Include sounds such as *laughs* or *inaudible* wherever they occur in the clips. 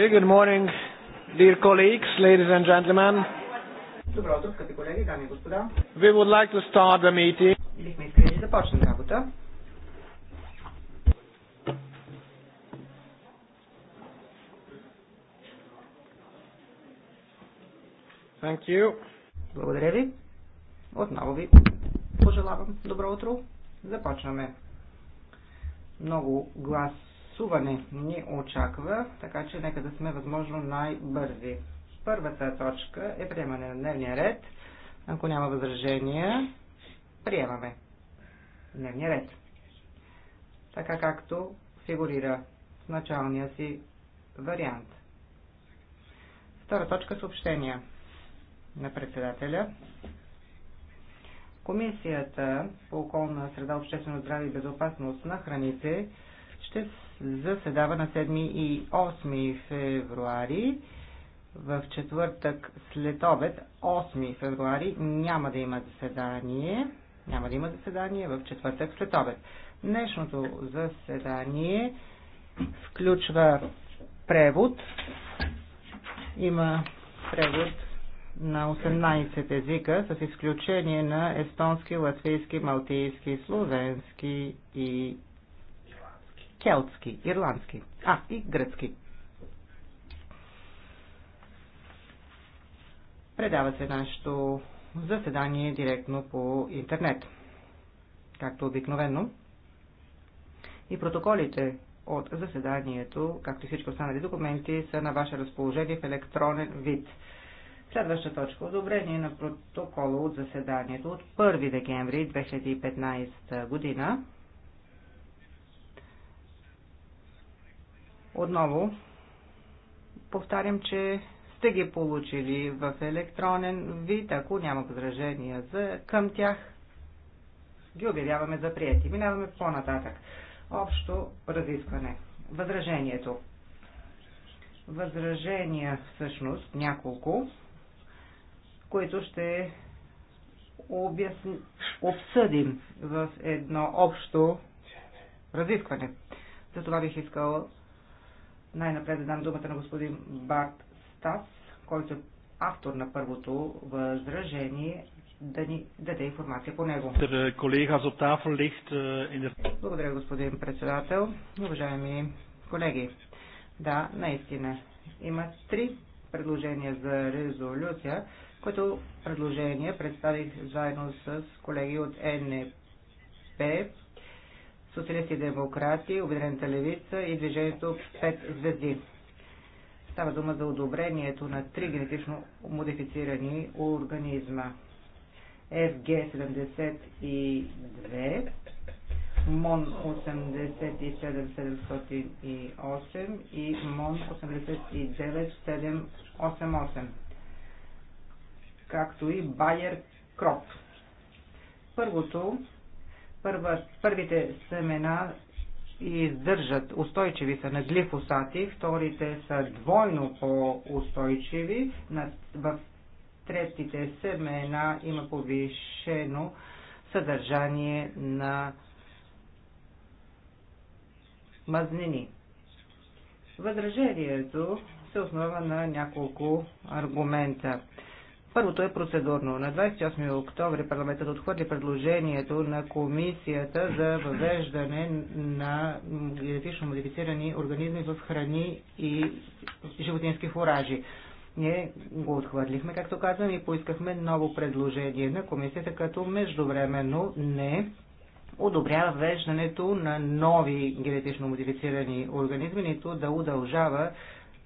Okay, good morning, dear colleagues, ladies and gentlemen. We would like to start the meeting. Thank you. Благодаря ви. Отново ви пожелавам добро утро. Започваме. Много глас гласуване ни очаква, така че нека да сме възможно най-бързи. Първата точка е приемане на дневния ред. Ако няма възражения, приемаме дневния ред. Така както фигурира в началния си вариант. Втора точка съобщения на председателя. Комисията по околна среда, обществено здраве и безопасност на храните ще заседава на 7 и 8 февруари. В четвъртък след обед, 8 февруари, няма да има заседание. Няма да има заседание в четвъртък след обед. Днешното заседание включва превод. Има превод на 18 езика, с изключение на естонски, латвийски, малтийски, словенски и келтски, ирландски, а и гръцки. Предава се нашето заседание директно по интернет, както обикновено. И протоколите от заседанието, както и всички останали документи, са на ваше разположение в електронен вид. Следваща точка – одобрение на протокола от заседанието от 1 декември 2015 година. Отново повтарям, че сте ги получили в електронен вид, ако няма възражения за, към тях, ги обявяваме за прияти. Минаваме по-нататък. Общо разискване. Възражението. Възражения всъщност няколко, които ще обясни, обсъдим в едно общо разискване. За това бих искала най-напред да дам думата на господин Барт Стас, който е автор на първото възражение, да ни даде информация по него. Е, е, Благодаря, господин председател. Уважаеми колеги, да, наистина има три предложения за резолюция, което предложение представих заедно с колеги от НП социалисти и демократи, Обединената левица и движението 5 звезди. Става дума за одобрението на три генетично модифицирани организма. FG72, МОН 87708 и МОН 89788, както и Байер Кроп. Първото Първа, първите семена издържат, устойчиви са на глифосати, вторите са двойно по-устойчиви, в третите семена има повишено съдържание на мазнини. Възражението се основа на няколко аргумента. Първото е процедурно. На 28 октомври парламентът отхвърли предложението на комисията за въвеждане на генетично модифицирани организми в храни и животински фуражи. Ние го отхвърлихме, както казвам, и поискахме ново предложение на комисията, като междувременно не одобрява веждането на нови генетично модифицирани организми, нито да удължава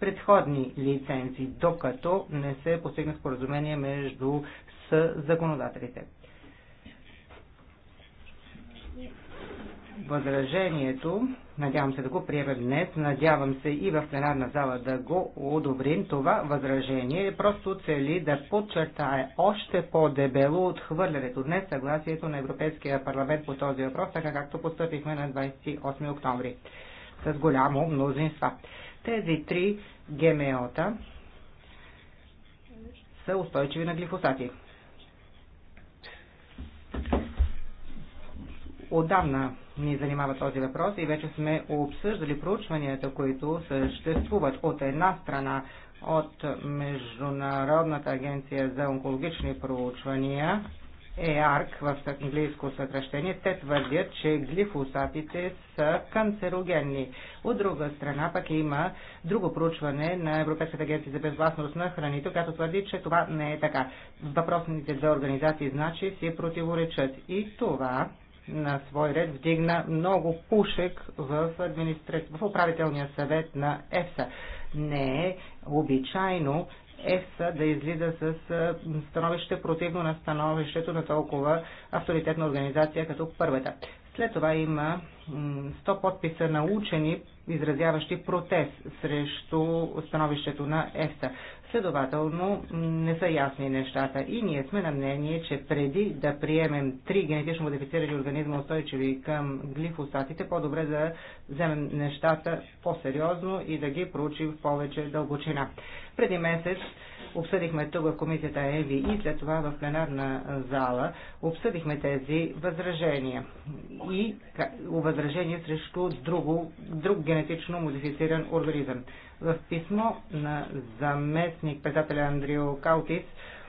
предходни лицензи, докато не се постигне споразумение между с законодателите. възражението, надявам се да го приемем днес, надявам се и в пленарна зала да го одобрим, това възражение просто цели да подчертае още по-дебело отхвърлянето днес съгласието на Европейския парламент по този въпрос, така както поступихме на 28 октомври с голямо мнозинство. Тези три ГМО-та са устойчиви на глифосати. Отдавна ни занимава този въпрос и вече сме обсъждали проучванията, които съществуват от една страна от Международната агенция за онкологични проучвания ЕАРК в английско съкръщение, те твърдят, че глифосатите са канцерогенни. От друга страна пък има друго проучване на Европейската агенция за безвластност на храните, която твърди, че това не е така. Въпросните две организации значи си противоречат. И това на свой ред вдигна много пушек в, администра... в управителния съвет на ЕФСА. Не е обичайно ЕСА да излиза с становище противно на становището на толкова авторитетна организация като първата. След това има 100 подписа на учени, изразяващи протест срещу становището на ЕСТА. Следователно не са ясни нещата и ние сме на мнение, че преди да приемем три генетично модифицирани организма устойчиви към глифосатите, по-добре да вземем нещата по-сериозно и да ги проучим в повече дълбочина. Преди месец обсъдихме тук в комисията ЕВИ и след това в пленарна зала обсъдихме тези възражения и възражения срещу друго, друг генетично модифициран организъм. В писмо на заместник председателя Андрио Каутис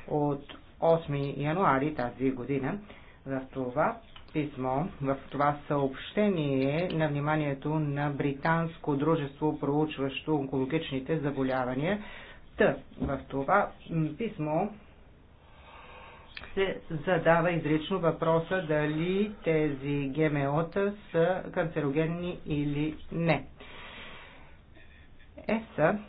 от 8 януари тази година в това писмо, в това съобщение на вниманието на британско дружество, проучващо онкологичните заболявания, Та, в това писмо се задава изрично въпроса дали тези ГМО-та са канцерогенни или не. ЕСА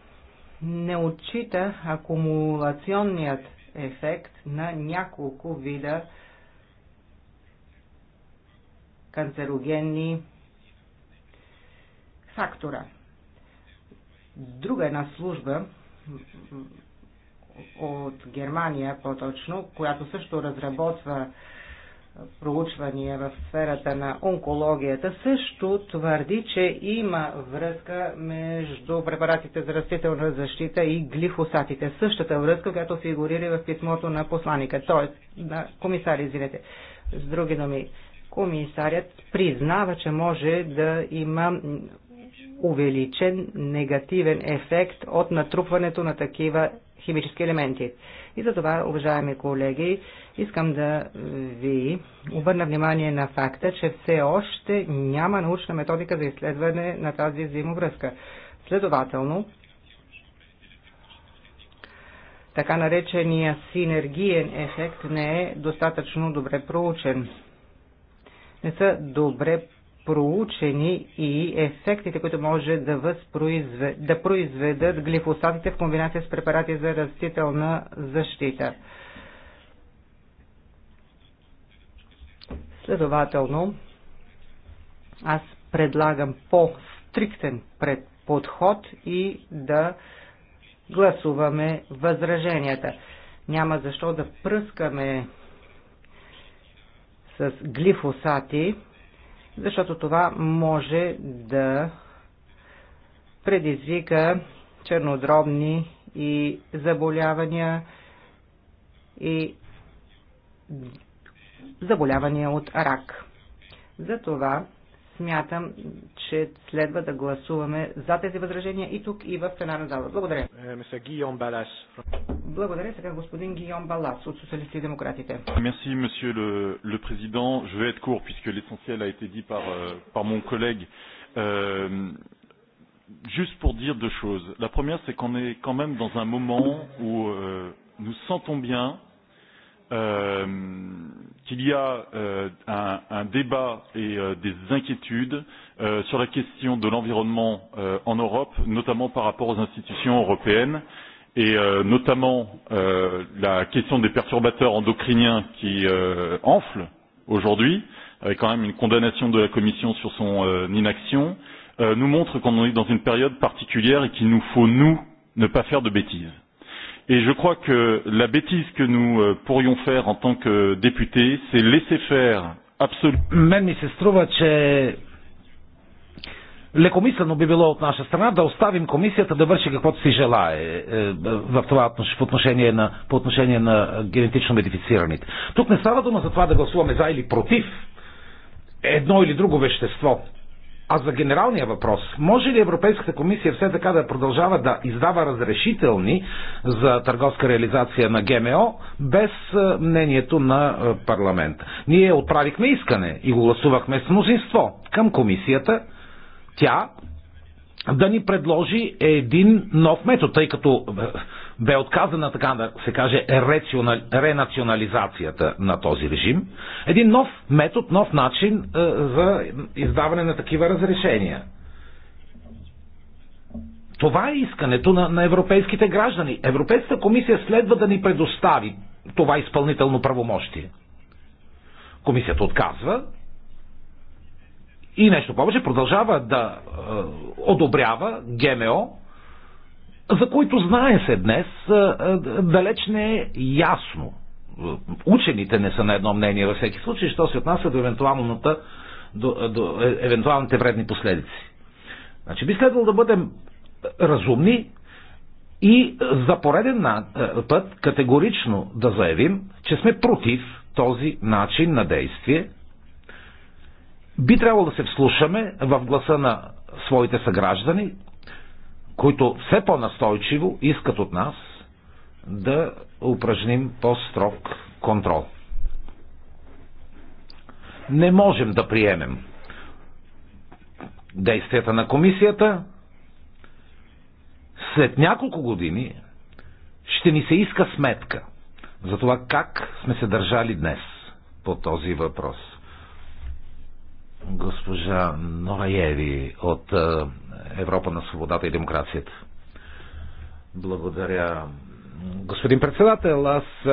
не отчита акумулационният ефект на няколко вида канцерогенни фактора. Друга една служба от Германия по-точно, която също разработва проучвания в сферата на онкологията, също твърди, че има връзка между препаратите за растителна защита и глифосатите. Същата връзка, която фигурира в писмото на посланика, т.е. на комисари, извинете. С други думи, комисарят признава, че може да има увеличен негативен ефект от натрупването на такива химически елементи. И за това, уважаеми колеги, искам да ви обърна внимание на факта, че все още няма научна методика за изследване на тази взаимовръзка. Следователно, така наречения синергиен ефект не е достатъчно добре проучен. Не са добре проучени и ефектите, които може да, да произведат глифосатите в комбинация с препарати за растителна защита. Следователно, аз предлагам по-стриктен подход и да гласуваме възраженията. Няма защо да пръскаме с глифосати защото това може да предизвика чернодробни и заболявания и заболявания от рак. Затова смятам, че следва да гласуваме за тези възражения и тук, и в пленарна зала. Благодаря. Благодаря сега господин Гийом Балас от Социалисти и демократите. Merci, monsieur le, le président. Je vais être court, puisque l'essentiel a été dit par, par mon collègue. Euh, juste pour dire deux choses. La première, c'est qu'on est quand même dans un moment où euh, nous sentons bien euh, qu'il y a euh, un, un débat et euh, des inquiétudes euh, sur la question de l'environnement euh, en Europe, notamment par rapport aux institutions européennes et euh, notamment euh, la question des perturbateurs endocriniens qui euh, enflent aujourd'hui, avec quand même une condamnation de la Commission sur son euh, inaction, euh, nous montre qu'on est dans une période particulière et qu'il nous faut, nous, ne pas faire de bêtises Et je crois que la bêtise que nous euh, pourrions faire en tant que députés, c'est laisser faire абсолютно. Мен ми се струва, че лекомислено би било от наша страна да оставим комисията да върши каквото си желае е, е, в това по отношение на, по отношение на генетично модифицираните. Тук не става дума за това да гласуваме за или против едно или друго вещество. А за генералния въпрос, може ли Европейската комисия все така да продължава да издава разрешителни за търговска реализация на ГМО без е, мнението на е, парламент? Ние отправихме искане и го гласувахме с мнозинство към комисията. Тя да ни предложи един нов метод, тъй като е, бе отказана, така да се каже, ренационализацията на този режим. Един нов метод, нов начин е, за издаване на такива разрешения. Това е искането на, на европейските граждани. Европейската комисия следва да ни предостави това изпълнително правомощие. Комисията отказва и нещо повече продължава да е, одобрява ГМО за които знае се днес, далеч не е ясно. Учените не са на едно мнение във всеки случай, що се отнася до, евентуалната, до, до е, евентуалните вредни последици. Значи би следвало да бъдем разумни и за пореден е, път категорично да заявим, че сме против този начин на действие. Би трябвало да се вслушаме в гласа на своите съграждани, които все по-настойчиво искат от нас да упражним по-строг контрол. Не можем да приемем действията на комисията. След няколко години ще ни се иска сметка за това как сме се държали днес по този въпрос госпожа Нораеви от е, Европа на свободата и демокрацията. Благодаря. Господин председател, аз е,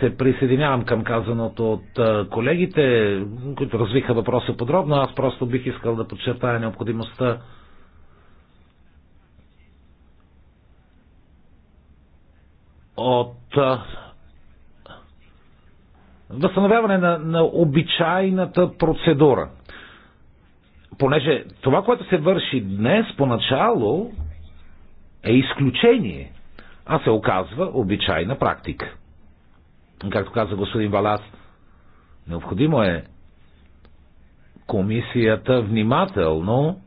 се присъединявам към казаното от е, колегите, които развиха въпроса подробно. Аз просто бих искал да подчертая необходимостта от възстановяване на, на обичайната процедура – понеже това, което се върши днес поначало е изключение, а се оказва обичайна практика. Както каза господин Валас, необходимо е комисията внимателно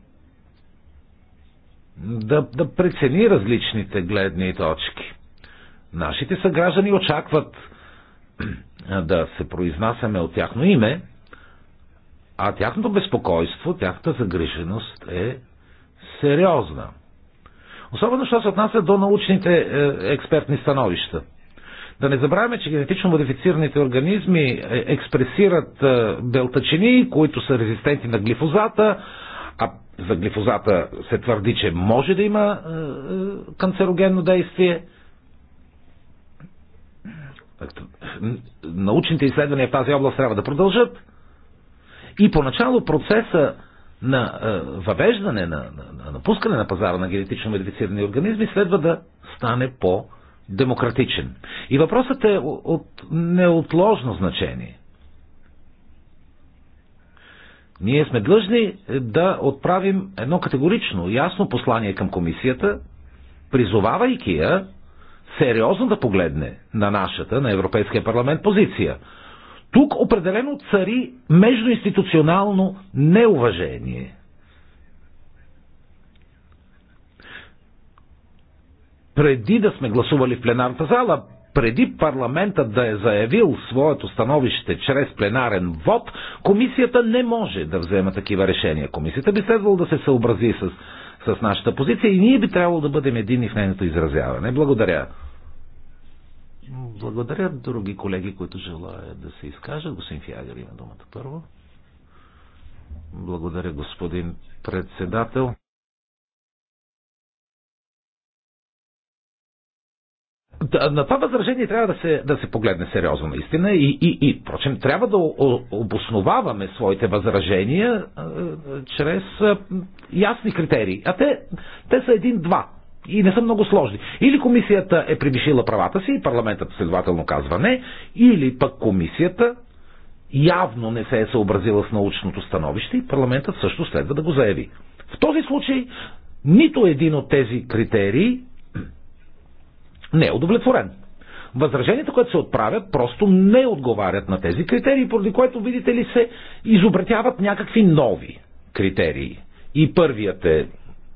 да, да прецени различните гледни точки. Нашите съграждани очакват *clears throat* да се произнасяме от тяхно име, а тяхното безпокойство, тяхната загриженост е сериозна. Особено, що се отнася до научните е, експертни становища. Да не забравяме, че генетично модифицираните организми е, експресират е, белтачини, които са резистентни на глифозата, а за глифозата се твърди, че може да има канцерогенно действие. Научните изследвания в тази област трябва да продължат. И поначало процеса на е, въвеждане, на, на, на напускане на пазара на генетично модифицирани организми следва да стане по-демократичен. И въпросът е от неотложно значение. Ние сме длъжни да отправим едно категорично, ясно послание към комисията, призовавайки я сериозно да погледне на нашата, на Европейския парламент позиция – тук определено цари междуинституционално неуважение. Преди да сме гласували в пленарната зала, преди парламентът да е заявил своето становище чрез пленарен вод, комисията не може да взема такива решения. Комисията би следвало да се съобрази с, с нашата позиция и ние би трябвало да бъдем едини в нейното изразяване. Благодаря. Благодаря други колеги, които желаят да се изкажат. Господин Фиагър има думата първо. Благодаря, господин председател. На това възражение трябва да се, да се погледне сериозно, наистина. И, и, и впрочем, трябва да обосноваваме своите възражения а, чрез а, ясни критерии. А те, те са един-два и не са много сложни. Или комисията е превишила правата си и парламентът следователно казва не, или пък комисията явно не се е съобразила с научното становище и парламентът също следва да го заяви. В този случай нито един от тези критерии *clears throat* не е удовлетворен. Възраженията, които се отправят, просто не отговарят на тези критерии, поради което, видите ли, се изобретяват някакви нови критерии. И първият е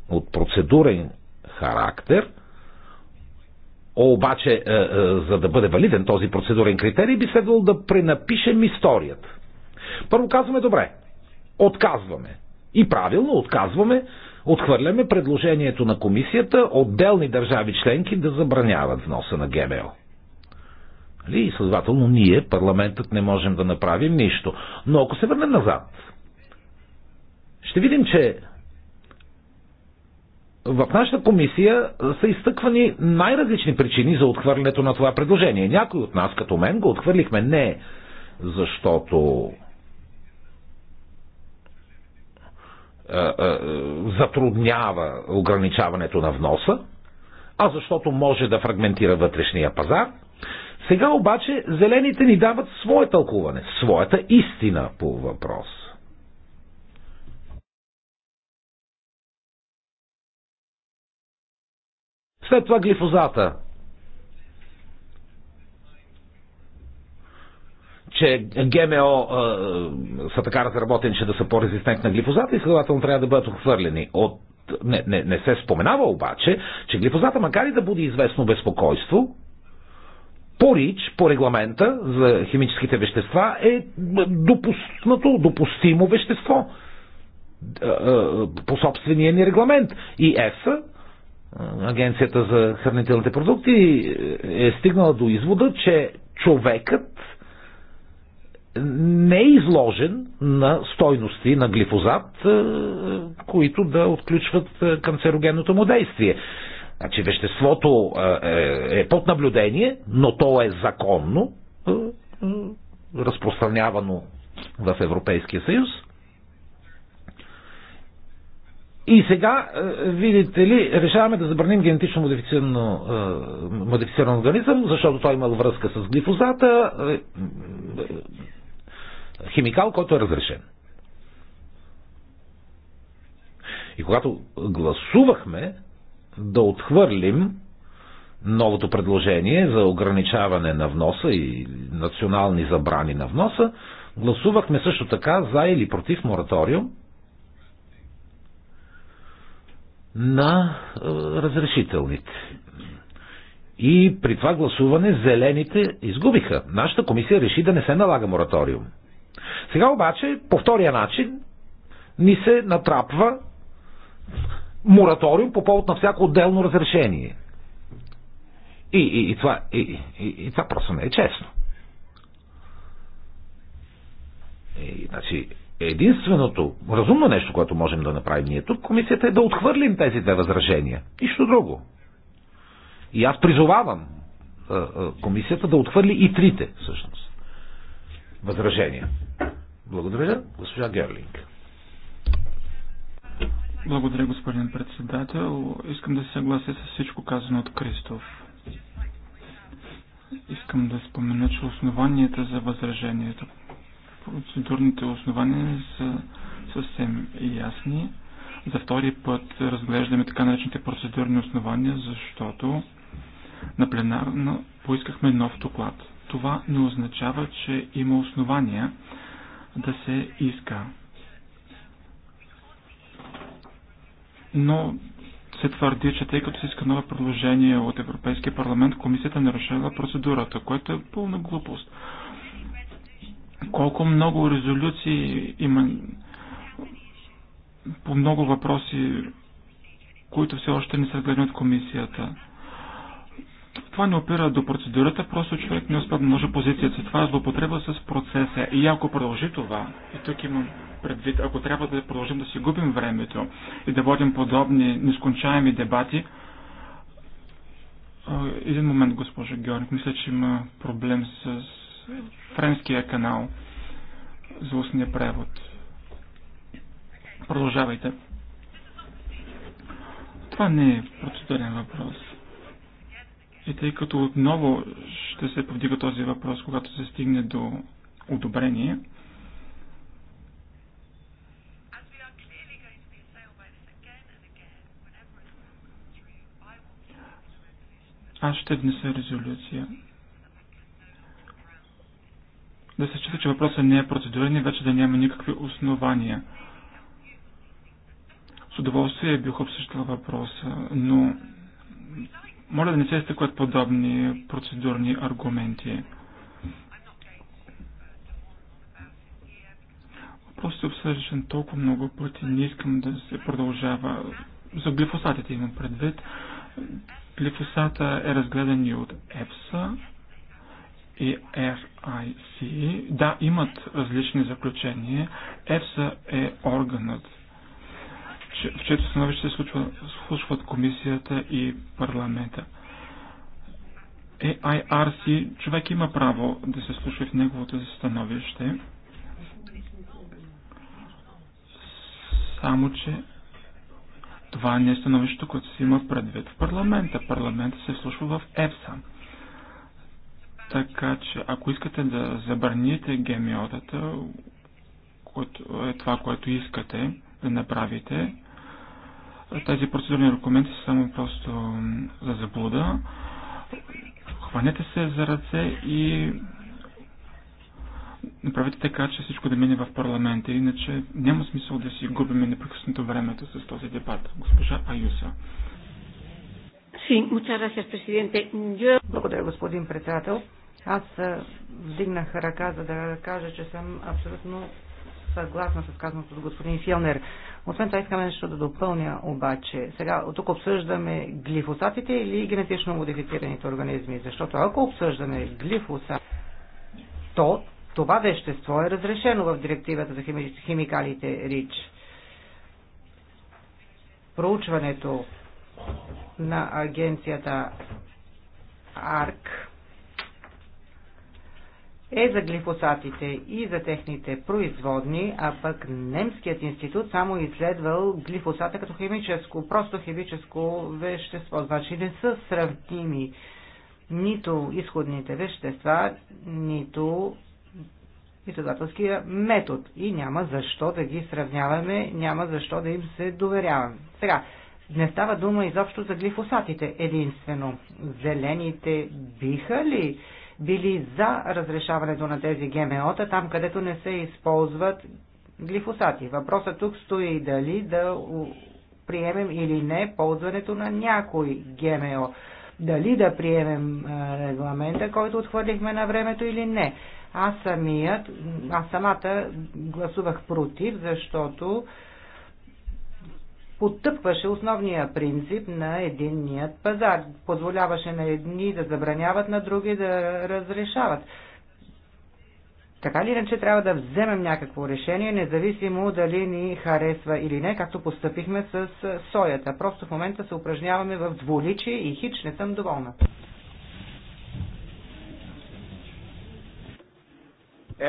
от процедурен характер, обаче, е, е, за да бъде валиден този процедурен критерий, би следвало да пренапишем историята. Първо казваме, добре, отказваме. И правилно отказваме, отхвърляме предложението на комисията отделни държави членки да забраняват вноса на ГМО. Нали? И следователно ние, парламентът, не можем да направим нищо. Но ако се върнем назад, ще видим, че в нашата комисия са изтъквани най-различни причини за отхвърлянето на това предложение. Някой от нас, като мен, го отхвърлихме не защото затруднява ограничаването на вноса, а защото може да фрагментира вътрешния пазар. Сега обаче зелените ни дават свое тълкуване, своята истина по въпрос. След това глифозата. че ГМО а, са така разработени, че да са по-резистентни на глифозата и следователно трябва да бъдат отхвърлени. От... Не, не, не се споменава обаче, че глифозата, макар и да буди известно безпокойство, по РИЧ, по регламента за химическите вещества е допуснато, допустимо вещество по собствения ни регламент. И ЕСА Агенцията за хранителните продукти е стигнала до извода, че човекът не е изложен на стойности на глифозат, които да отключват канцерогенното му действие. Значи веществото е, е под наблюдение, но то е законно разпространявано в Европейския съюз и сега, е, видите ли, решаваме да забраним генетично модифициран, е, модифициран организъм, защото той имал връзка с глифозата, е, химикал, който е разрешен. И когато гласувахме да отхвърлим новото предложение за ограничаване на вноса и национални забрани на вноса, гласувахме също така за или против мораториум на е, разрешителните. И при това гласуване зелените изгубиха. Нашата комисия реши да не се налага мораториум. Сега обаче, по втория начин, ни се натрапва мораториум по повод на всяко отделно разрешение. И, и, и, това, и, и, и това просто не е честно. И, значи, единственото разумно нещо, което можем да направим ние тук, комисията е да отхвърлим тези две възражения. Нищо друго. И аз призовавам комисията да отхвърли и трите, всъщност, възражения. Благодаря, госпожа Герлинг. Благодаря, господин председател. Искам да се съглася с всичко казано от Кристоф. Искам да спомена, че основанията за възражението Процедурните основания са съвсем ясни. За втори път разглеждаме така наречените процедурни основания, защото на пленарно поискахме нов доклад. Това не означава, че има основания да се иска. Но се твърди, че тъй като се иска ново предложение от Европейския парламент, комисията нарушава процедурата, което е пълна глупост. Колко много резолюции има по много въпроси, които все още не са гледани от комисията. Това не опира до процедурата, просто човек не успя да може позицията. Това е злопотреба с процеса. И ако продължи това, и тук имам предвид, ако трябва да продължим да си губим времето и да водим подобни нескончаеми дебати, един момент, госпожа Георг, мисля, че има проблем с френския канал за устния превод. Продължавайте. Това не е процедурен въпрос. И тъй като отново ще се повдига този въпрос, когато се стигне до одобрение, аз ще внеса резолюция да се счита, че въпросът не е процедурен и вече да няма никакви основания. С удоволствие бих обсъщал въпроса, но моля да не се изтъкват подобни процедурни аргументи. Въпросът е обсъждан толкова много пъти, не искам да се продължава. За глифосатите имам предвид. Глифосата е разгледан и от ЕФСА, и RIC, да, имат различни заключения. ЕФСА е органът, в чето становище се случва, слушват комисията и парламента. AIRC, е, човек има право да се слуша в неговото становище, само че това не е становището, което се има предвид в парламента. Парламента се слушва в ЕФСА. Така че, ако искате да забраните гемиотата, което е това, което искате да направите, тези процедурни документи са само просто за заблуда. Хванете се за ръце и направете така, че всичко да мине в парламента. Иначе няма смисъл да си губим непрекъснато времето с този дебат. Госпожа Аюса. Благодаря, господин председател. Аз вдигнах ръка, за да кажа, че съм абсолютно съгласна с казаното от господин Филнер. Освен това искаме нещо да допълня обаче. Сега тук обсъждаме глифосатите или генетично модифицираните организми, защото ако обсъждаме глифосат, то това вещество е разрешено в директивата за химикалите РИЧ. Проучването на агенцията АРК е за глифосатите и за техните производни, а пък немският институт само изследвал глифосата като химическо, просто химическо вещество. Значи не са сравними нито изходните вещества, нито изследователския метод. И няма защо да ги сравняваме, няма защо да им се доверяваме. Сега, не става дума изобщо за глифосатите единствено. Зелените биха ли? били за разрешаването на тези ГМО-та, там където не се използват глифосати. Въпросът тук стои дали да приемем или не ползването на някой ГМО. Дали да приемем регламента, който отхвърлихме на времето или не. Аз самият, аз самата гласувах против, защото потъпваше основния принцип на единният пазар. Позволяваше на едни да забраняват, на други да разрешават. Така ли иначе трябва да вземем някакво решение, независимо дали ни харесва или не, както постъпихме с соята. Просто в момента се упражняваме в дволичие и хич не съм доволна.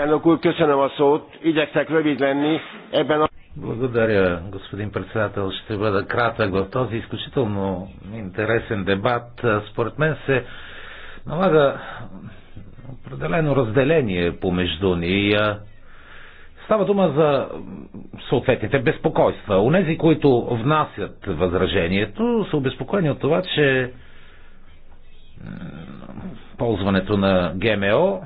Elnök úr, köszönöm a szót. Igyekszek rövid lenni ebben a... Благодаря, господин председател. Ще бъда кратък в този изключително интересен дебат. Според мен се налага определено разделение помежду ни. Става дума за съответните безпокойства. Онези, които внасят възражението, са обезпокоени от това, че ползването на ГМО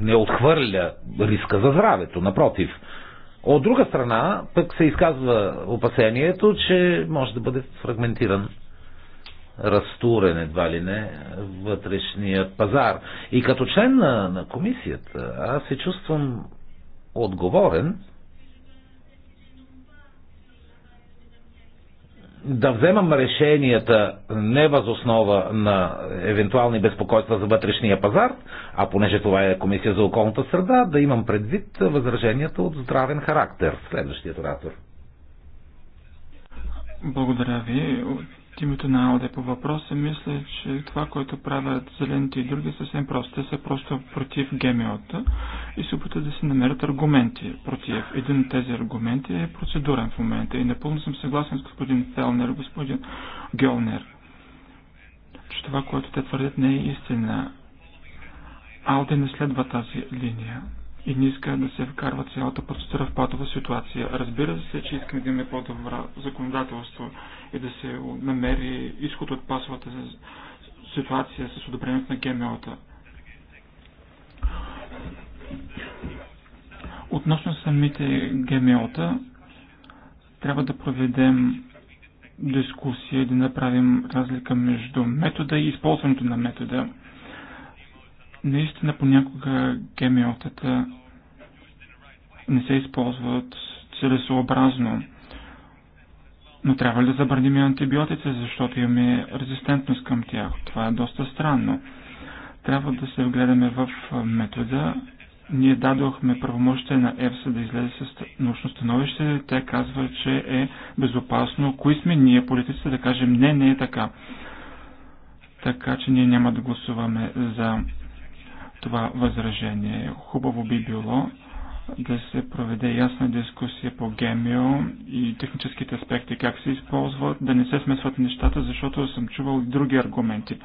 не отхвърля риска за здравето, напротив. От друга страна, пък се изказва опасението, че може да бъде фрагментиран разтурен едва ли не вътрешният пазар. И като член на, на комисията, аз се чувствам отговорен да вземам решенията не възоснова на евентуални безпокойства за вътрешния пазар, а понеже това е Комисия за околната среда, да имам предвид възраженията от здравен характер. Следващият оратор. Благодаря ви името на АОД по въпроса, мисля, че това, което правят зелените и други, е съвсем просто. Те са просто против ГМО-та и се опитват да се намерят аргументи против. Един от тези аргументи е процедурен в момента и напълно съм съгласен с господин Фелнер и господин Гьолнер, че това, което те твърдят, не е истина. АОД не следва тази линия и не иска да се вкарва цялата процедура в патова ситуация. Разбира се, че искаме да имаме по-добро законодателство и да се намери изход от пасовата ситуация с одобрението на ГМО-та. Относно самите ГМО-та, трябва да проведем дискусия и да направим разлика между метода и използването на метода. Наистина понякога ГМО-тата не се използват целесообразно. Но трябва ли да забраним антибиотици, защото имаме резистентност към тях? Това е доста странно. Трябва да се вгледаме в метода. Ние дадохме правомощите на ЕФСА да излезе с научно становище. Те казва, че е безопасно. Кои сме ние, политиците, да кажем не, не е така. Така че ние няма да гласуваме за това възражение. Хубаво би било да се проведе ясна дискусия по гемио и техническите аспекти, как се използват, да не се смесват нещата, защото съм чувал и други аргументи.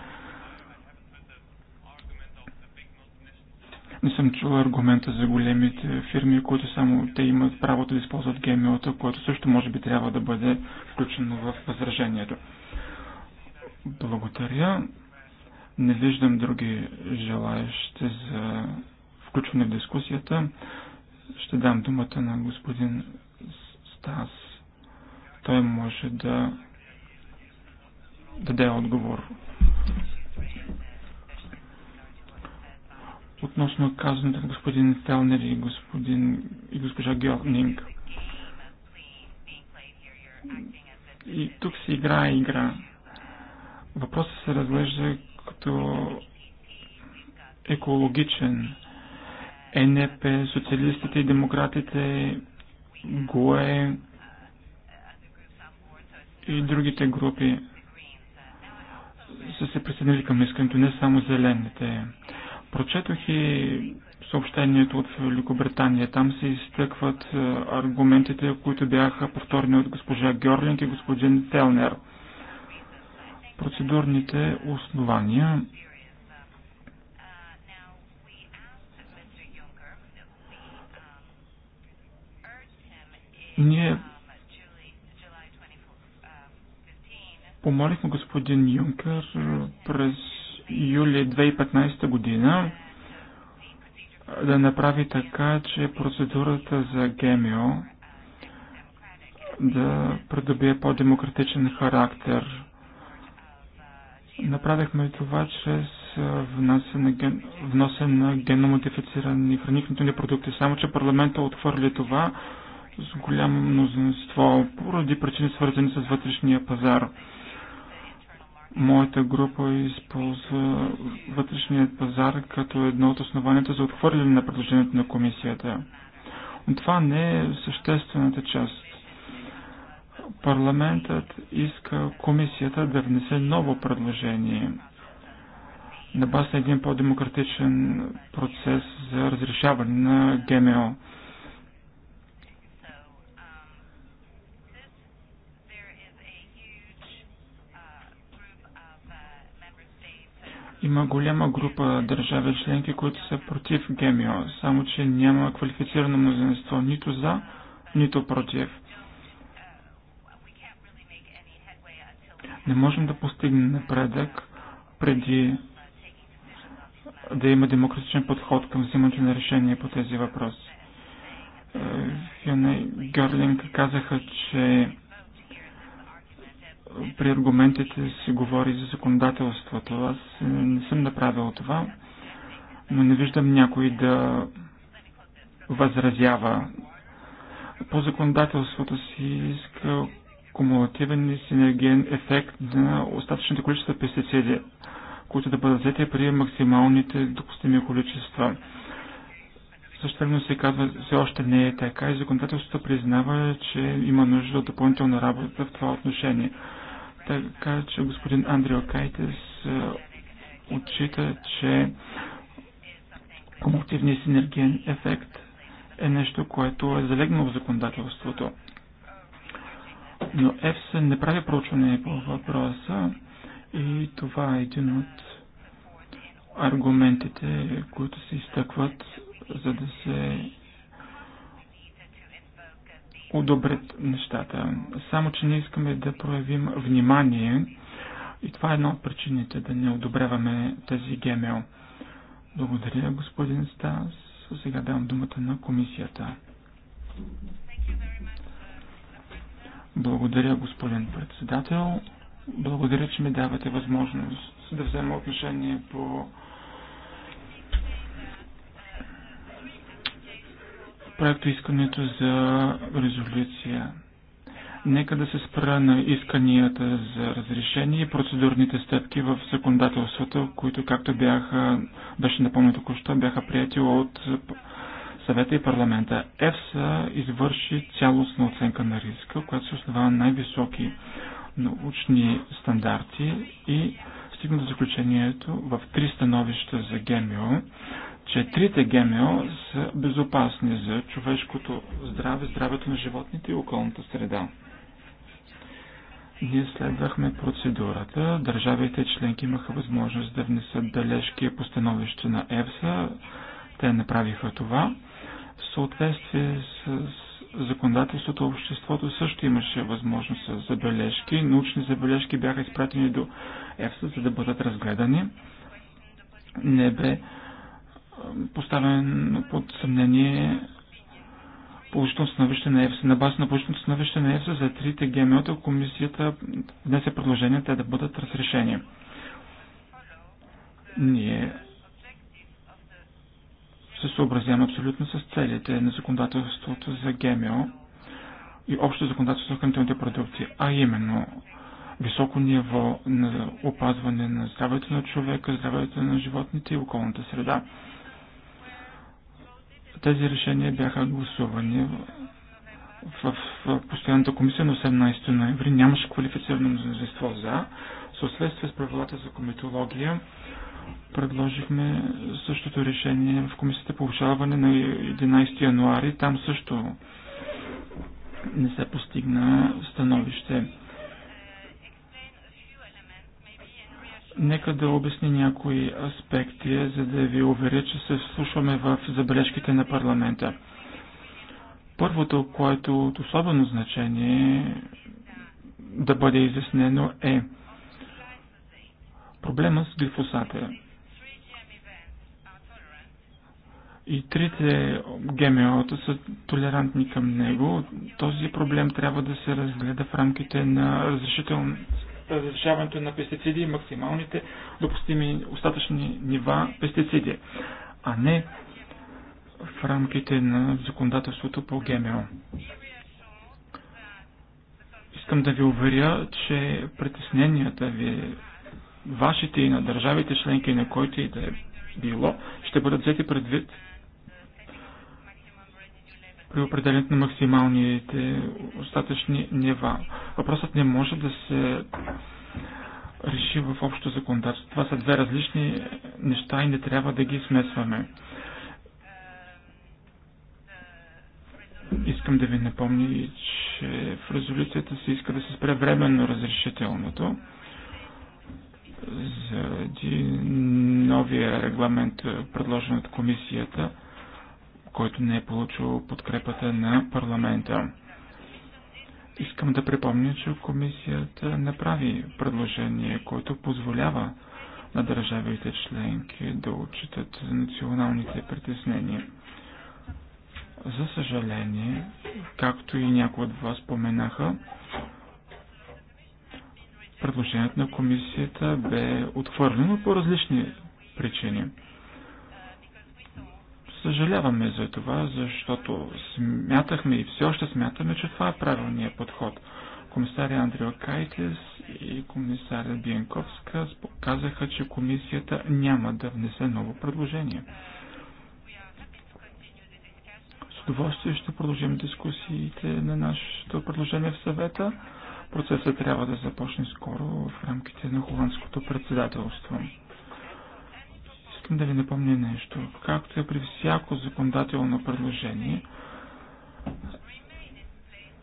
Не съм чувал аргумента за големите фирми, които само те имат правото да използват гемиота, което също може би трябва да бъде включено в възражението. Благодаря. Не виждам други желаящи за включване в дискусията. Ще дам думата на господин Стас. Той може да даде отговор. Относно казаното от господин Фелнер и, господин, и госпожа Георнинг. И тук се играе игра. Въпросът се разглежда като екологичен. Е НП, социалистите и демократите, ГОЕ и другите групи са се присъединили към искането, не само зелените. Прочетох и съобщението от Великобритания. Там се изтъкват е, аргументите, които бяха повторни от госпожа Георлинг и господин Фелнер – процедурните основания. Ние помолихме господин Юнкер през юли 2015 година да направи така, че процедурата за ГМО да придобие по-демократичен характер. Направихме това чрез вноса на, ген... модифицирани генномодифицирани хранителни продукти. Само, че парламента отхвърли това с голямо мнозинство, поради причини свързани с вътрешния пазар. Моята група използва вътрешният пазар като едно от основанията за отхвърляне на предложението на комисията. Но това не е съществената част. Парламентът иска комисията да внесе ново предложение на база на един по-демократичен процес за разрешаване на ГМО. Има голяма група държави членки, които са против ГМО, само че няма квалифицирано мнозинство нито за, нито против. Не можем да постигнем напредък преди да има демократичен подход към взимането на решение по тези въпроси. Е, Фиона и Гърлинг казаха, че при аргументите се говори за законодателството. Аз не съм направил това, но не виждам някой да възразява. По законодателството си иска кумулативен и синерген ефект на остатъчните количества пестициди, които да бъдат взети при максималните допустими количества. Същевременно се казва, все още не е така и законодателството признава, че има нужда от допълнителна работа в това отношение. Така че господин Андрио Кайтес е, отчита, че кумулативният синерген ефект е нещо, което е залегнало в законодателството. Но ЕФСА не прави проучване по въпроса и това е един от аргументите, които се изтъкват, за да се одобрят нещата. Само, че не искаме да проявим внимание и това е една от причините да не одобряваме тези ГМО. Благодаря, господин Стас. Сега давам думата на комисията. Благодаря, господин председател. Благодаря, че ми давате възможност да взема отношение по проекто искането за резолюция. Нека да се спра на исканията за разрешение и процедурните стъпки в законодателството, които, както бяха, беше напълно току-що, бяха прияти от съвета и парламента. ЕФСА извърши цялостна оценка на риска, която се основава на най-високи научни стандарти и стигна до заключението в три становища за ГМО, че трите ГМО са безопасни за човешкото здраве, здравето на животните и околната среда. Ние следвахме процедурата. Държавите членки имаха възможност да внесат бележки по становище на ЕФСА те направиха това. В съответствие с законодателството, обществото също имаше възможност за забележки. Научни забележки бяха изпратени до ЕФСА, за да бъдат разгледани. Не бе поставен под съмнение положително становище на ЕФСА. На база на положително становище на ЕФСА за трите ГМО-та комисията внесе предложение те да бъдат разрешени. Ние се съобразявам абсолютно с целите на законодателството за ГМО и общо законодателство за хранителните продукти, а именно високо ниво на опазване на здравето на човека, здравето на животните и околната среда. Тези решения бяха гласувани в, в постоянната комисия на 18 ноември. Нямаше квалифицирано мнозинство за. Съответствие с правилата за кометология, Предложихме същото решение в комисията по обжалване на 11 януари. Там също не се постигна становище. Нека да обясни някои аспекти, за да ви уверя, че се вслушваме в забележките на парламента. Първото, което е от особено значение да бъде изяснено е – Проблема с глифосата и трите ГМО-та са толерантни към него. Този проблем трябва да се разгледа в рамките на разрешител... разрешаването на пестициди и максималните допустими остатъчни нива пестициди, а не в рамките на законодателството по ГМО. Искам да ви уверя, че притесненията ви вашите и на държавите членки, на който и да е било, ще бъдат взети предвид при определенето на максималните остатъчни нива. Въпросът не може да се реши в общото законодателство. Това са две различни неща и не трябва да ги смесваме. Искам да ви напомня, че в резолюцията се иска да се спре временно разрешителното заради новия регламент, е, предложен от комисията, който не е получил подкрепата на парламента. Искам да припомня, че комисията направи предложение, което позволява на държавите членки да отчитат националните притеснения. За съжаление, както и някои от вас споменаха, Предложението на комисията бе отхвърлено по различни причини. Съжаляваме за това, защото смятахме и все още смятаме, че това е правилният подход. Комисаря Андрио Кайтес и комисаря Биенковска казаха, че комисията няма да внесе ново предложение. С удоволствие ще продължим дискусиите на нашето предложение в съвета. Процесът трябва да започне скоро в рамките на холандското председателство. Искам да ви напомня нещо. Както е при всяко законодателно предложение,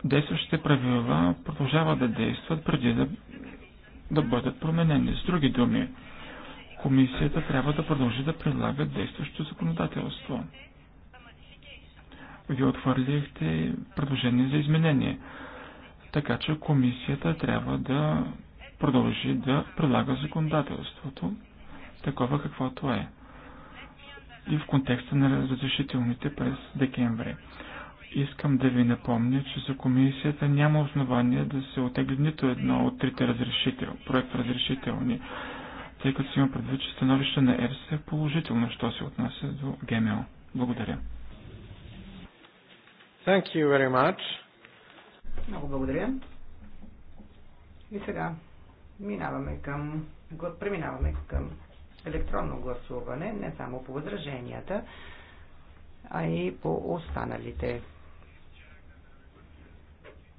действащите правила продължават да действат преди да, да бъдат променени. С други думи, комисията трябва да продължи да предлага действащо законодателство. Вие отвърлихте предложение за изменение. Така че комисията трябва да продължи да предлага законодателството, такова каквото е. И в контекста на разрешителните през декември. Искам да ви напомня, че за комисията няма основание да се отегли нито едно от трите разрешител, проект разрешителни, тъй като си има предвид, че становище на ЕРС е положително, що се отнася до ГМО. Благодаря. Thank you very much. Много благодаря. И сега минаваме към, преминаваме към електронно гласуване, не само по възраженията, а и по останалите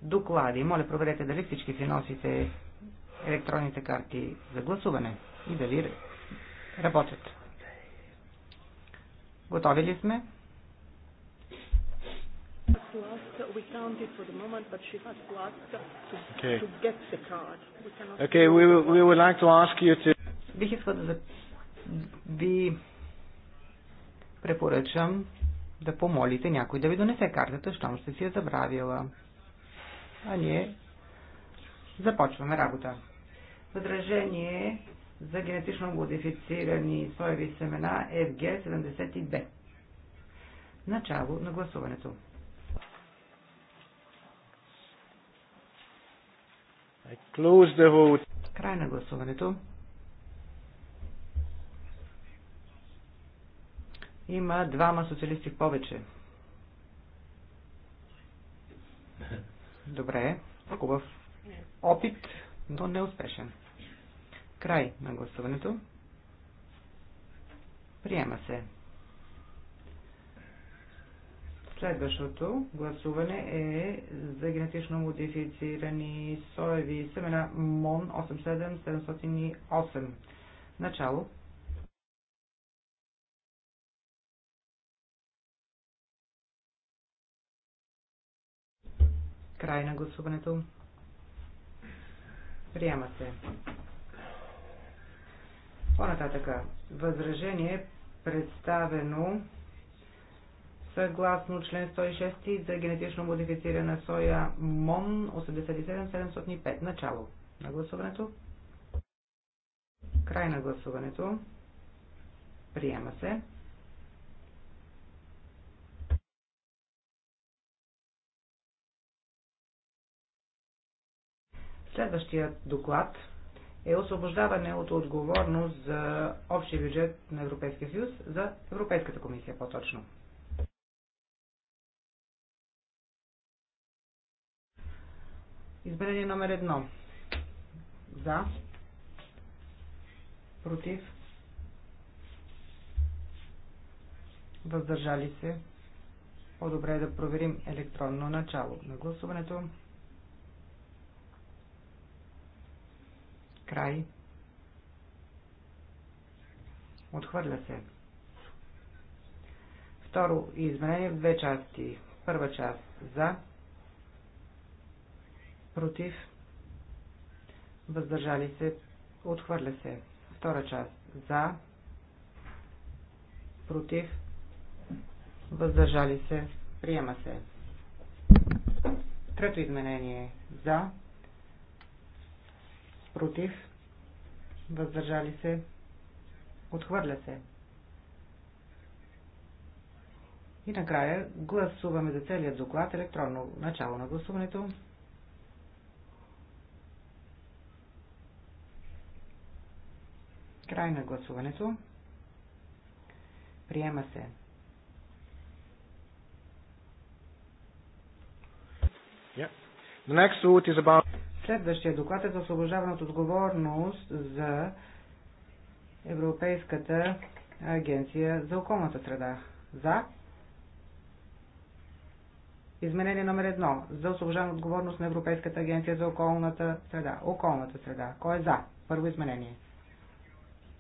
доклади. Моля, проверете дали всички си носите електронните карти за гласуване и дали работят. Готови ли сме? to ask. We count it for the moment, but she has to ask to, okay. to get the card. We okay, we, will, we would like to ask you to... Бих искал да ви препоръчам да помолите някой да ви донесе картата, щом ще си я забравила. А ние започваме работа. Възражение за генетично модифицирани соеви семена FG72. Начало на гласуването. Край на гласуването. Има двама социалисти в повече. Добре, хубав опит, но неуспешен. Край на гласуването. Приема се. Следващото гласуване е за генетично модифицирани соеви семена МОН 87708. Начало. Край на гласуването. Приема се. По-нататъка. Възражение представено съгласно член 106 за генетично модифицирана соя МОН 87705. Начало на гласуването. Край на гласуването. Приема се. Следващият доклад е освобождаване от отговорност за общия бюджет на Европейския съюз, за Европейската комисия по-точно. Изменение номер едно. За. Против. Въздържали се. По-добре е да проверим електронно начало на гласуването. Край. Отхвърля се. Второ изменение в две части. Първа част за против, въздържали се, отхвърля се. Втора част за, против, въздържали се, приема се. Трето изменение за, против, въздържали се, отхвърля се. И накрая гласуваме за целият доклад електронно начало на гласуването. Край на гласуването. Приема се. Yeah. The next is about... Следващия доклад е за освобождаване от отговорност за Европейската агенция за околната среда. За Изменение номер едно. За освобождаване отговорност на Европейската агенция за околната среда. Околната среда. Кой е за? Първо изменение.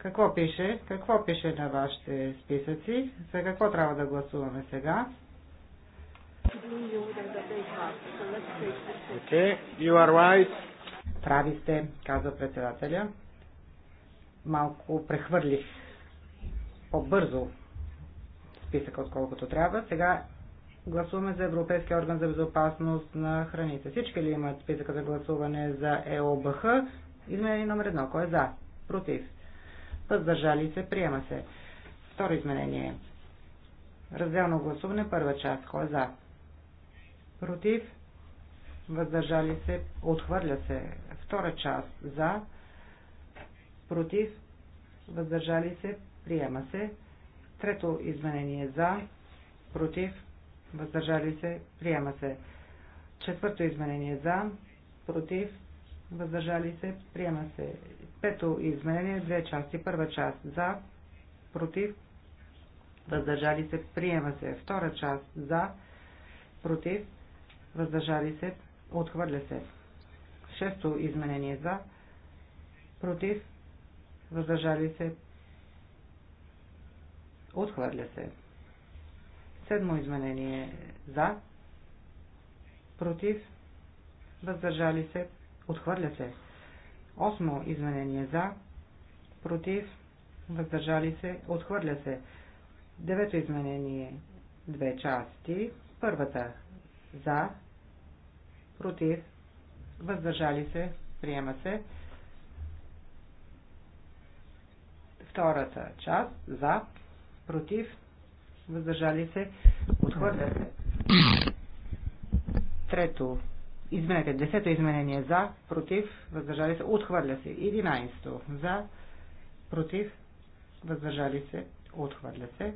Какво пише? Какво пише на вашите списъци? За какво трябва да гласуваме сега? Okay, you are right. Прави сте, каза председателя. Малко прехвърлих по-бързо списъка, отколкото трябва. Сега гласуваме за Европейския орган за безопасност на храните. Всички ли имат списъка за гласуване за ЕОБХ? Изменение номер едно. Кой е за? Против? въздържали се, приема се. Второ изменение. Разделно гласуване, първа част. Кой е за? Против? Въздържали се? Отхвърля се. Втора част. За? Против? Въздържали се? Приема се. Трето изменение. За? Против? Въздържали се? Приема се. Четвърто изменение. За? Против? Въздържали се? Приема се. Пето изменение, две части. Първа част за, против, въздържали се, приема се. Втора част за, против, въздържали се, отхвърля се. Шесто изменение за, против, въздържали се, отхвърля се. Седмо изменение за, против, въздържали се, отхвърля се. Осмо изменение за, против, въздържали се, отхвърля се. Девето изменение, две части. Първата за, против, въздържали се, приема се. Втората част за, против, въздържали се, отхвърля се. Трето Изменете. Десето изменение за, против, въздържали се, отхвърля се. Единайсто за, против, въздържали се, отхвърля се.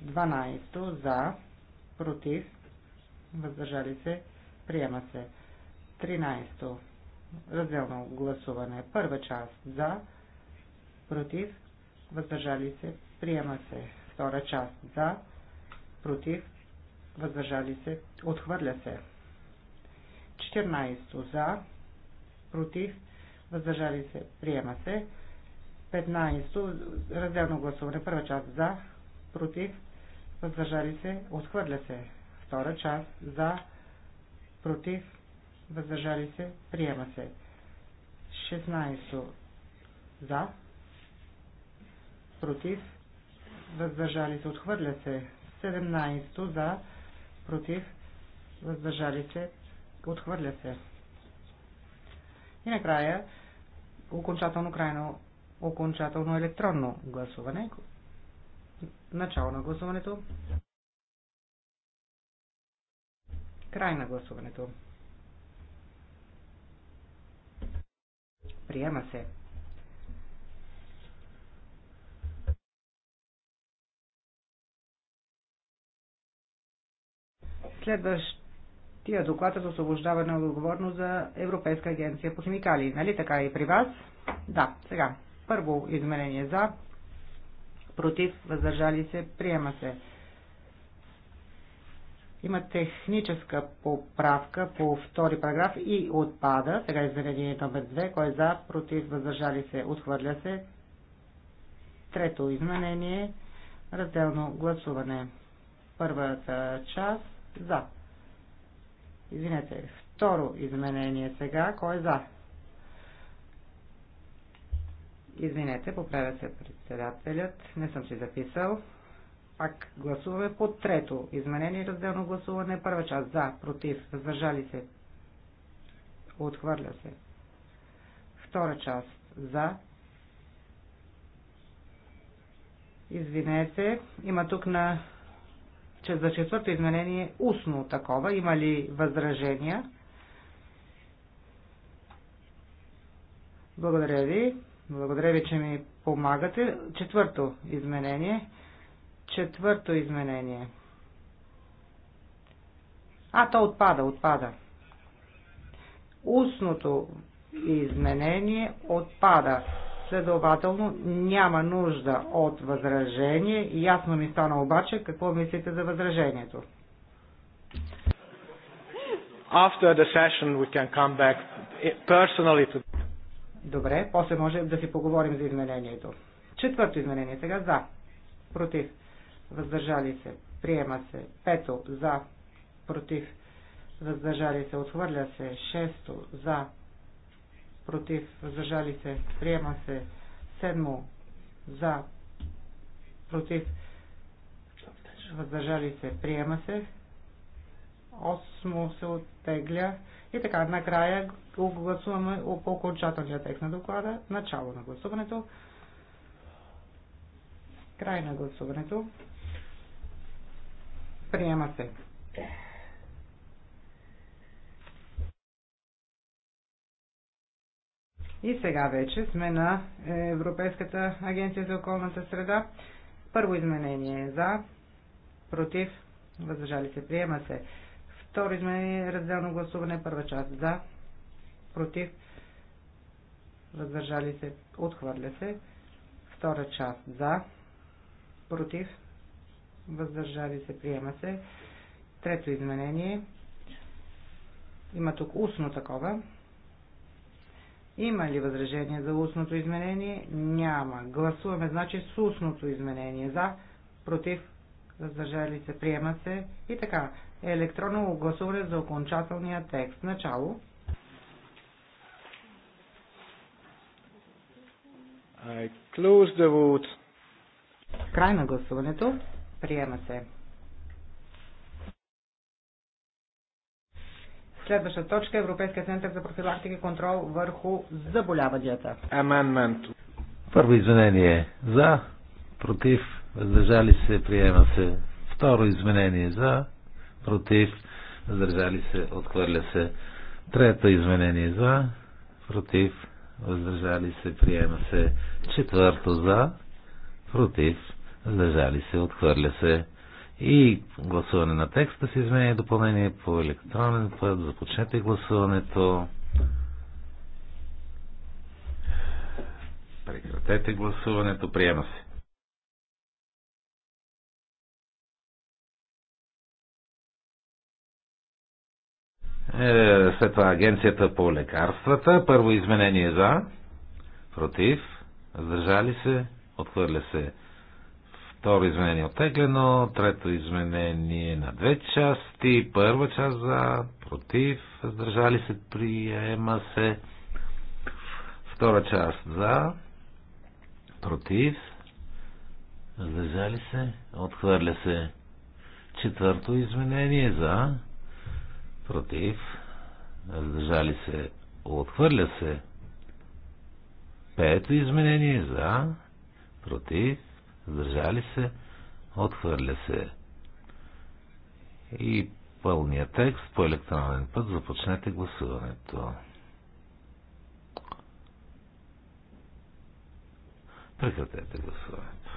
Дванайсто за, против, въздържали се, приема се. Тринайсто разделно гласуване. Първа част за, против, въздържали се, приема се. Втора част за, против, въздържали се, отхвърля се. 14 за, против, въздържали се, приема се. 15 разделно гласуване, първа част за, против, въздържали се, отхвърля се. Втора част за, против, въздържали се, приема се. 16 за, против, въздържали се, отхвърля се. 17 за, против, въздържали се, Отхвърля се. И накрая окончателно крайно окончателно електронно гласуване. Начало на гласуването. Край на гласуването. Приема се. Следващ тия доклад е за освобождаване от отговорност за Европейска агенция по химикали. Нали така и при вас? Да, сега. Първо изменение за, против, въздържали се, приема се. Има техническа поправка по втори параграф и отпада. Сега изменение номер 2, кой е за, против, въздържали се, отхвърля се. Трето изменение, разделно гласуване. Първата част за. Извинете, второ изменение сега. Кой е за? Извинете, поправя се председателят. Не съм си записал. Пак гласуваме по трето изменение и разделно гласуване. Първа част за, против, въздържали се. Отхвърля се. Втора част за. Извинете, има тук на че за четвърто изменение е устно такова. Има ли възражения? Благодаря ви. Благодаря ви, че ми помагате. Четвърто изменение. Четвърто изменение. А, то отпада, отпада. Устното изменение отпада. Следователно няма нужда от възражение. Ясно ми стана обаче какво мислите за възражението. After the session we can come back personally to... Добре, после може да си поговорим за изменението. Четвърто изменение сега за. Против. Въздържали се. Приема се. Пето. За. Против. Въздържали се. Отхвърля се. Шесто. За против, въздържали се, приема се. Седмо, за, против, въздържали се, приема се. Осмо се оттегля. И така, накрая гласуваме по окончателния текст на доклада. Начало на гласуването. Край на гласуването. Приема се. И сега вече сме на Европейската агенция за околната среда. Първо изменение е за, против, въздържали се, приема се. Второ изменение, е разделно гласуване, първа част за, против, въздържали се, отхвърля се. Втора част за, против, въздържали се, приема се. Трето изменение, има тук устно такова, има ли възражение за устното изменение? Няма. Гласуваме, значи, с устното изменение. За, против, въздържали се, приема се. И така, електронно гласуване за окончателния текст. Начало. I close the vote. Край на гласуването. Приема се. Следваща точка е Европейския център за профилактика и контрол върху заболяванията. Аманмент. Първо изменение за, против, въздържали се, приема се. Второ изменение за, против, въздържали се, отхвърля се. Трето изменение за, против, въздържали се, приема се. Четвърто за, против, въздържали се, отхвърля се. И гласуване на текста с изменение и допълнение по електронен път. Започнете гласуването. Прекратете гласуването. Приема се. Е, след това агенцията по лекарствата. Първо изменение за. Против. Въздържали се. Отхвърля се. Второ изменение е оттеглено, трето изменение на две части, първа част за, против, въздържали се, приема се. Втора част за, против, въздържали се, отхвърля се. Четвърто изменение за, против, въздържали се, отхвърля се. Пето изменение за, против, въздържали се, отхвърля се. И пълния текст по електронен път започнете гласуването. Прекратете гласуването.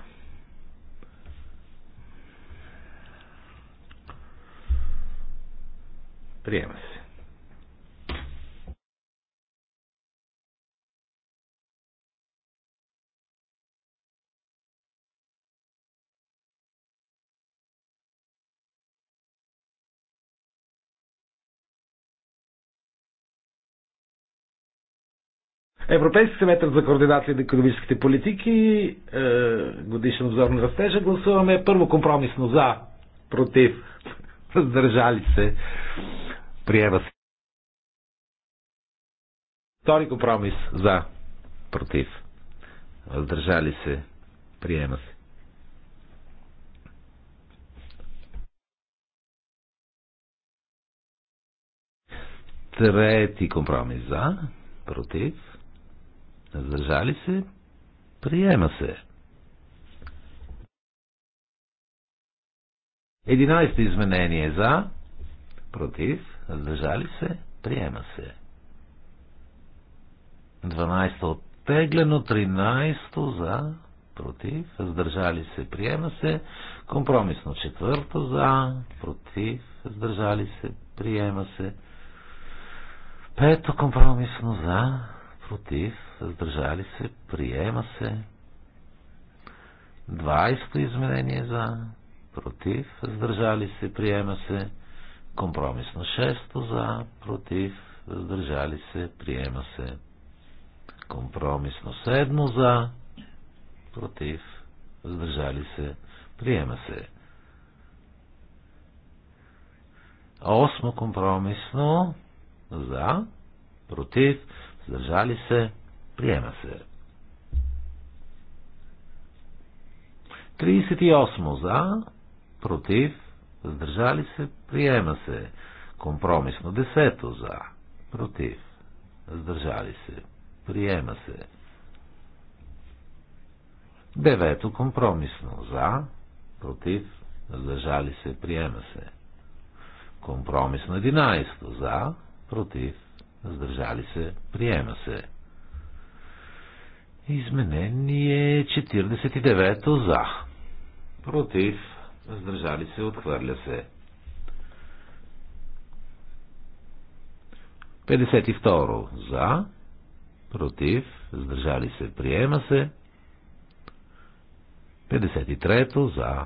Приема се. Европейски семетър за координация на економическите политики, е, годишен обзор на растежа, гласуваме първо компромисно за, против, *laughs* въздържали се, приема се. Втори компромис за, против, въздържали се, приема се. Трети компромис за, против, Въздържали се? Приема се. 11 изменение за, против, въздържали се, приема се. 12 оттеглено, 13 за, против, въздържали се, приема се. Компромисно четвърто за, против, въздържали се, приема се. Пето компромисно за, против, въздържали се, приема се. 20-то изменение за, против, въздържали се, приема се. Компромисно 6-то за, против, въздържали се, приема се. Компромисно 7 за, против, въздържали се, приема се. Осмо компромисно за, против, въздържали се, приема се. 38 за, против, въздържали се, приема се. Компромисно 10 за, против, въздържали се, приема се. Девето компромисно за, против, въздържали се, приема се. Компромисно 11 за, против, въздържали се, приема се. Изменение 49 за. Против, въздържали се, отхвърля се. 52 за. Против, въздържали се, приема се. 53 за.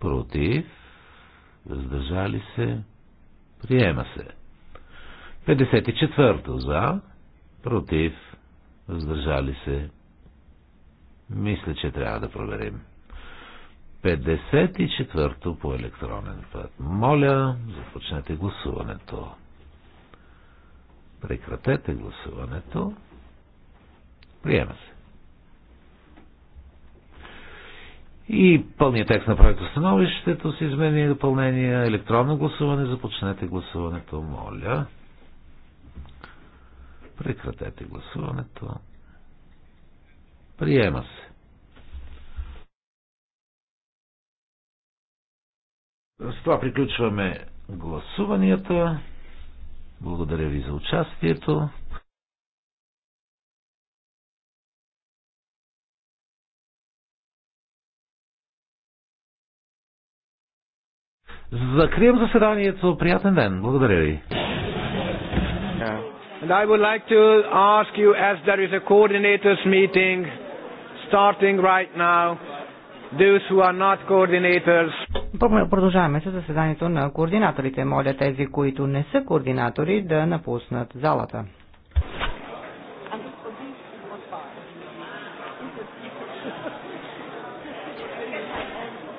Против, въздържали се, приема се. 54 за, против, въздържали се. Мисля, че трябва да проверим. 54 то по електронен път. Моля, започнете гласуването. Прекратете гласуването. Приема се. И пълният текст на проекта становището с изменение и допълнение. Електронно гласуване. Започнете гласуването, моля. Прекратете гласуването. Приема се. С това приключваме гласуванията. Благодаря ви за участието. Закрием заседанието. Приятен ден. Благодаря ви. Yeah. And I would like to ask you, as there is a coordinators meeting starting right now, those who are not coordinators. Продължаваме с заседанието на координаторите. Моля тези, които не са координатори, да напуснат залата.